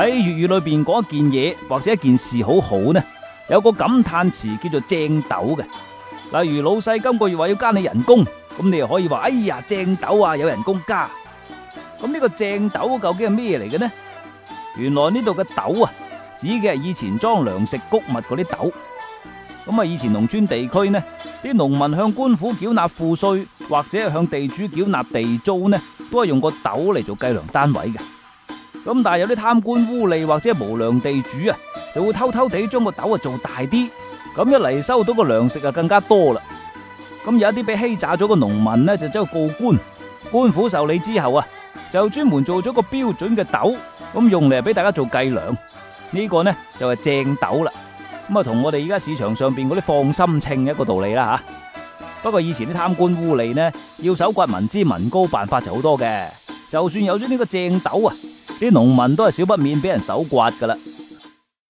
喺粵語裏邊講一件嘢，或者一件事好好呢，有一個感嘆詞叫做正斗嘅。例如老細今個月話要加你人工，咁你又可以話：哎呀，正斗啊，有人工加。咁呢個正斗究竟係咩嚟嘅呢？原來呢度嘅斗啊，指嘅係以前裝糧食穀物嗰啲斗。咁啊，以前農村地區呢，啲農民向官府繳納賦稅或者向地主繳納地租呢，都係用個斗嚟做計量單位嘅。咁但係有啲貪官污吏或者無良地主啊，就會偷偷地將個斗啊做大啲，咁一嚟，收到個糧食啊更加多啦。咁有一啲俾欺詐咗個農民呢，就走去告官，官府受理之後啊，就專門做咗個標準嘅斗，咁用嚟俾大家做計量。呢個呢就係正斗啦。咁啊同我哋而家市場上邊嗰啲放心稱一個道理啦吓。不過以前啲貪官污吏呢，要搜刮民脂民膏，辦法就好多嘅。就算有咗呢個正斗啊。啲農民都係少不免俾人手刮噶啦。